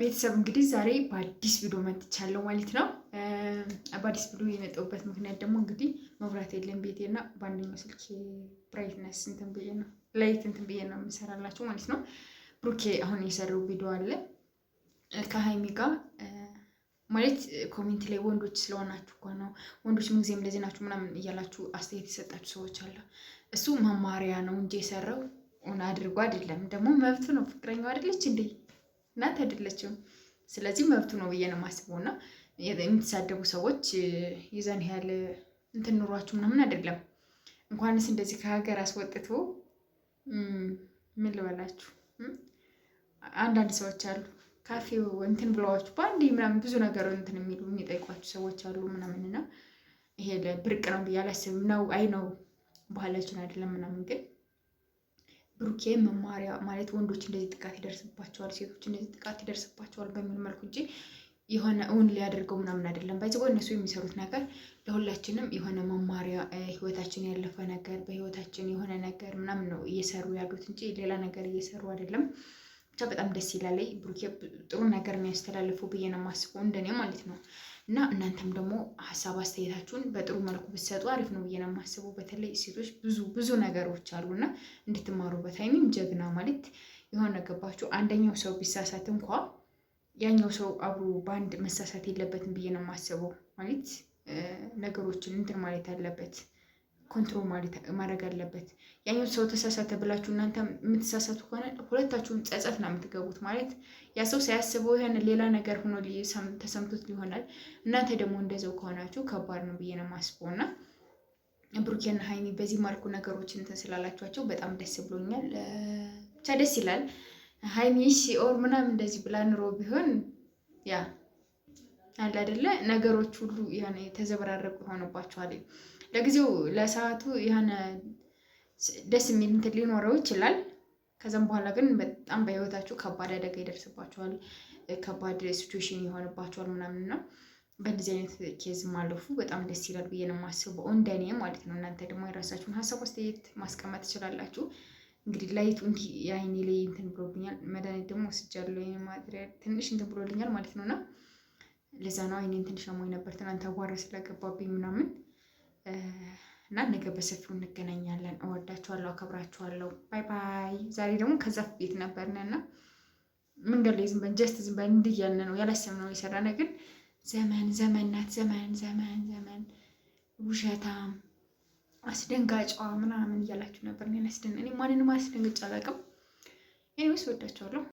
ቤተሰብ እንግዲህ ዛሬ በአዲስ ቪዲዮ መጥቻለሁ ማለት ነው። በአዲስ ቪዲዮ የመጣሁበት ምክንያት ደግሞ እንግዲህ መብራት የለም ቤቴና በአንደኛው ስልክ ብራይትነስ እንትን ብዬ ነው ላይት እንትን ብዬ ነው የምሰራላቸው ማለት ነው። ብሩኬ አሁን የሰራው ቪዲዮ አለ ከሀይሚ ጋር ማለት ኮሜንት ላይ ወንዶች ስለሆናችሁ እኮ ነው ወንዶች ምንጊዜም እንደዚህ ናችሁ ምናምን እያላችሁ አስተያየት የሰጣችሁ ሰዎች አለ። እሱ መማሪያ ነው እንጂ የሰራው ሆነ አድርጎ አይደለም። ደግሞ መብቱ ነው። ፍቅረኛው አይደለች እንዴ? እናት አይደለችም። ስለዚህ መብቱ ነው ብዬ ነው የማስበው። እና የምትሳደቡ ሰዎች ይዘን ያለ እንትን ኑሯችሁ ምናምን አይደለም። እንኳንስ እንደዚህ ከሀገር አስወጥቶ ምን ልበላችሁ፣ አንዳንድ ሰዎች አሉ ካፌ እንትን ብለዋችሁ በአንድ ምናምን ብዙ ነገር እንትን የሚሉ የሚጠይቋችሁ ሰዎች አሉ ምናምን እና ይሄ ብርቅ ነው ብዬ አላስብም። ነው አይ ነው ባህላችን አይደለም ምናምን ግን ብሩኬ መማሪያ ማለት ወንዶች እንደዚህ ጥቃት ይደርስባቸዋል፣ ሴቶች እንደዚህ ጥቃት ይደርስባቸዋል በሚል መልኩ እንጂ የሆነ እውን ሊያደርገው ምናምን አይደለም። ጎ እነሱ የሚሰሩት ነገር ለሁላችንም የሆነ መማሪያ ህይወታችን ያለፈ ነገር በህይወታችን የሆነ ነገር ምናምን ነው እየሰሩ ያሉት እንጂ ሌላ ነገር እየሰሩ አይደለም። ብቻ በጣም ደስ ይላል። ብሩኬ ጥሩ ነገር የሚያስተላልፈው ብዬ ነው የማስበው እንደኔ ማለት ነው። እና እናንተም ደግሞ ሀሳብ አስተያየታችሁን በጥሩ መልኩ ብትሰጡ አሪፍ ነው ብዬ ነው የማስበው። በተለይ ሴቶች ብዙ ብዙ ነገሮች አሉና እንድትማሩበት። አይሚን ጀግና ማለት የሆነ ገባችሁ፣ አንደኛው ሰው ቢሳሳት እንኳ ያኛው ሰው አብሮ በአንድ መሳሳት የለበትም ብዬ ነው የማስበው ማለት ነገሮችን እንትን ማለት አለበት። ኮንትሮል ማድረግ አለበት። ያኛው ሰው ተሳሳተ ብላችሁ እናንተ የምትሳሳቱ ከሆነ ሁለታችሁም ጸጸት ነው የምትገቡት። ማለት ያ ሰው ሳያስበው ይሆን ሌላ ነገር ሆኖ ተሰምቶት ሊሆናል። እናንተ ደግሞ እንደዛው ከሆናችሁ ከባድ ነው ብዬ ነው የማስበው እና ብሩኬና ሀይሚ በዚህ መልኩ ነገሮች እንትን ስላላችኋቸው በጣም ደስ ብሎኛል። ብቻ ደስ ይላል። ሀይሚ ሲኦር ምናምን እንደዚህ ብላ ኑሮ ቢሆን ያ አለ አይደለ ነገሮች ሁሉ ተዘበራረቁ ይሆንባቸዋል። ለጊዜው ለሰዓቱ የሆነ ደስ የሚል እንትን ሊኖረው ይችላል። ከዛም በኋላ ግን በጣም በህይወታችሁ ከባድ አደጋ ይደርስባችኋል፣ ከባድ ሲቹዌሽን ይሆንባችኋል ምናምን ነው። በእንደዚህ አይነት ኬዝ ማለፉ በጣም ደስ ይላል ብዬ ነው የማስበው፣ እንደኔ ማለት ነው። እናንተ ደግሞ የራሳችሁን ሀሳብ አስተያየት ማስቀመጥ ትችላላችሁ። እንግዲህ ላይቱ እንዲ የአይኔ ላይ እንትን ብሎብኛል፣ መድኃኒት ደግሞ ወስጃለሁ። የእኔ ትንሽ እንትን ብሎልኛል ማለት ነው። ነውና ለዛ ነው አይኔን ትንሽ አሞኝ ነበር ትናንት አቧራ ስለገባብኝ ምናምን እና ነገ በሰፊው እንገናኛለን። እወዳችኋለሁ፣ አከብራችኋለሁ። ባይ ባይ። ዛሬ ደግሞ ከዛፍ ቤት ነበርን እና መንገድ ላይ ዝንበን ጀስት ዝንበን እንድያነ ነው እያልን ነው የሰራነ ግን ዘመን ዘመን ናት። ዘመን ዘመን ዘመን ውሸታም አስደንጋጫዋ ምናምን እያላችሁ ነበር። እኔ ማንንም አስደንግጫ አላውቅም። ይህ ውስጥ ወዳችኋለሁ።